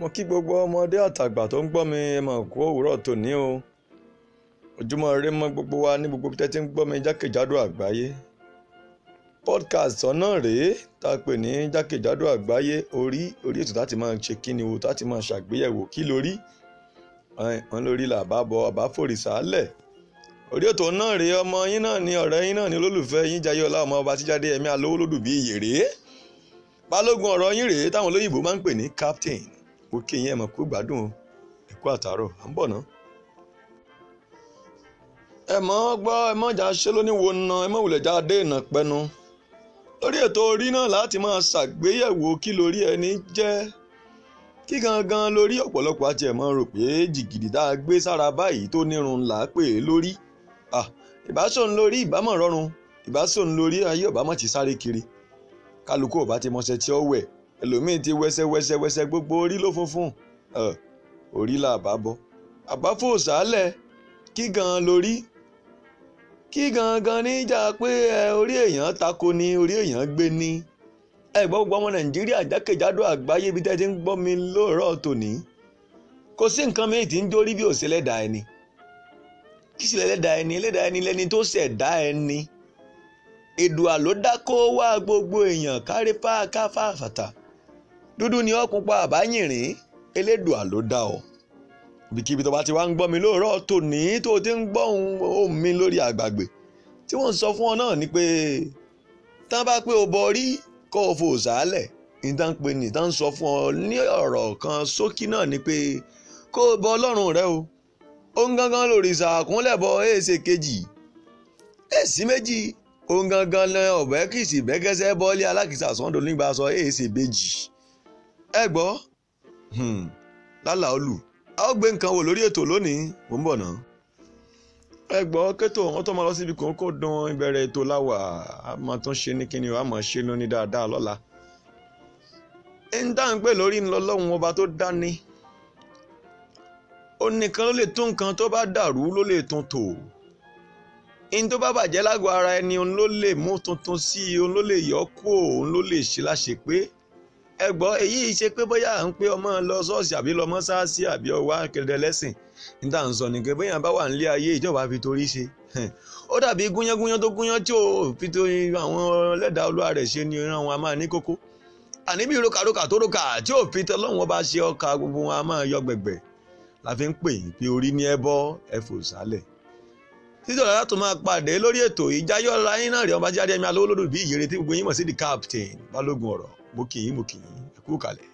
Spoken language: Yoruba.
mo kí gbogbo ọmọdé àtàgbà tó ń gbọ́ mi ẹ mà kú òwúrọ̀ tòní o ojúmọ́ rere mọ́ gbogbo wa ní gbogbo tẹ́tí ń gbọ́ mi jákèjádò àgbáyé podcast ọ̀nà rèé tá a pè ní jákèjádò àgbáyé orí orí ètò láti máa ṣe kíni wo láti máa ṣàgbéyẹ̀wò kí lórí wọn lórí là bá bọ àbá fòrì sálẹ̀ orí ètò náà rèé ọmọ yín náà ni ọ̀rẹ́ yín náà ni olólùfẹ́ yín jayé ọlá ọmọ ọba tíjáde ẹ̀mí alówó lódù bíi yèrè balógun ọ̀rọ̀ yín rèé táwọn olóyìnbó máa ń pè ní captain mo kí yín ẹ mọ̀ kú gbádùn o ẹ kú àtàárọ̀ à ń bọ̀ ná. ẹ mọ̀ gbọ́ ẹ mọ̀ jà ṣe lóní wo ná ẹ mọ̀ wùlẹ̀ já dé ìnà pẹnu lórí ètò orí náà láti máa ṣàgbéyẹ̀wò kí lórí ẹni jẹ́ kí gangan lórí ọ̀pọ̀lọpọ̀ àti ẹ̀mọ́ rò pé jìgìdì tá a gbé sára báyìí tó nírun là á pè é lórí ìbáṣọ̀n lórí ìbámọ̀ rọrùn ìbáṣọ̀n lórí ayé ọ̀bámọ̀ ti sáré kiri kálukú ọ̀bá ti mọṣẹ́ tí ó wẹ̀ ẹlòmíì ti wẹsẹ wẹsẹ wẹsẹ gbogbo orí ló funfun orí la bá bọ àbáfò sálẹ̀ kí gan lórí kí gangan níjà pé ẹ orí èèyàn tako ni orí èèyàn gbé ni ẹ gbọ́ gbogbo ọmọ nàìjíríà jákèjádò àgbáyé ibi tẹ́ ti ń gbọ́ mi lóòrọ̀ tòní kò sí nǹkan mìíràn tí ń dórí bí òsè lẹ́dàá ẹni kí sì lẹ́dàá ẹni lẹ́dàá ẹni lẹ́ni tó ṣẹ̀dá ẹni Èdùà ló dákó wá gbogbo èèyàn kárí fáká dúdú ni ọ́ pupa àbáyìnrín elédùà ló dá ọ ibikíbi tó bá ti wá ń gbọ́ mi lóòrọ̀ tòní tó o ti ń gbọ́ ohùn mi lórí àgbàgbé tí wọ́n ń sọ fún ọ náà ni pé tán bá pé o borí kó o fò sálẹ̀ ìtàn pé ní sọ fún ọ ní ọ̀rọ̀ kan ṣókí náà ni pé kó o bọ ọlọ́run rẹ o òun gangan lórí ìsàkúnlẹ̀bọ èsè kejì èsì méjì òun gangan lẹ ọ̀bẹ bẹ́gẹ́sẹ́ bọ́ọ̀lì alákìsà sọ́ńdọ̀ nígbà sọ èsè méjì ẹ gbọ́ hmm. lálà olù a ó gbé nǹkan wò lórí ètò lónìí mò ń bọ̀ ná. ẹ gbọ́ kẹ́tò wọn tó máa lọ síbi kan kó dán ìbẹ̀rẹ̀ ètò láwà á máa tún ṣe ní kíni o á máa ṣe lónìí dáadáa lọ́la. ń dá ń pè lórí ń lọ ọba tó dání. ó nìkan ló lè tún nǹkan tó bá dàrú ló lè tún tò. ń tó bá bàjẹ́ lágọ̀ọ́ ara ẹni òun ló lè mú tuntun sí i òun ló lè yọ kúò òun ló lè ṣe láṣepé ẹ gbọ́ èyí ṣe pé bóyá à ń pé ọmọ lọ ṣọ́ọ̀ṣì àbí lọ mọ́ṣáàṣì àbí ọwọ́ akéde lẹ́sìn níta ń sọ nìkan bóyá bá wà nílé ayé ìjọba fi torí ṣe ó dàbí gúnyángúnyán tó gúnyán tí ò fi torí àwọn ẹlẹ́dàá olúwa rẹ̀ ṣe ni ìran wọn a máa ní kókó àníbí rokaroka tó roka tí ò fi tọ́lọ́wọ́n bá ṣe ọkà gbogbo wọn a máa yọ gbẹ̀gbẹ̀ la fi ń pè é pé orí ní ẹbọ ẹfò sálẹ̀ títọ̀ lára tó máa pàdé lórí ètò ìjáyọ̀ ọ̀la yín náà rẹ̀ ọba jáde ẹ̀mí alówó lódò bí ìyèrè tí gbogbo yín mọ̀ sí the captain balógun ọ̀rọ̀ mo kì í mo kì í ẹ kú kalẹ̀.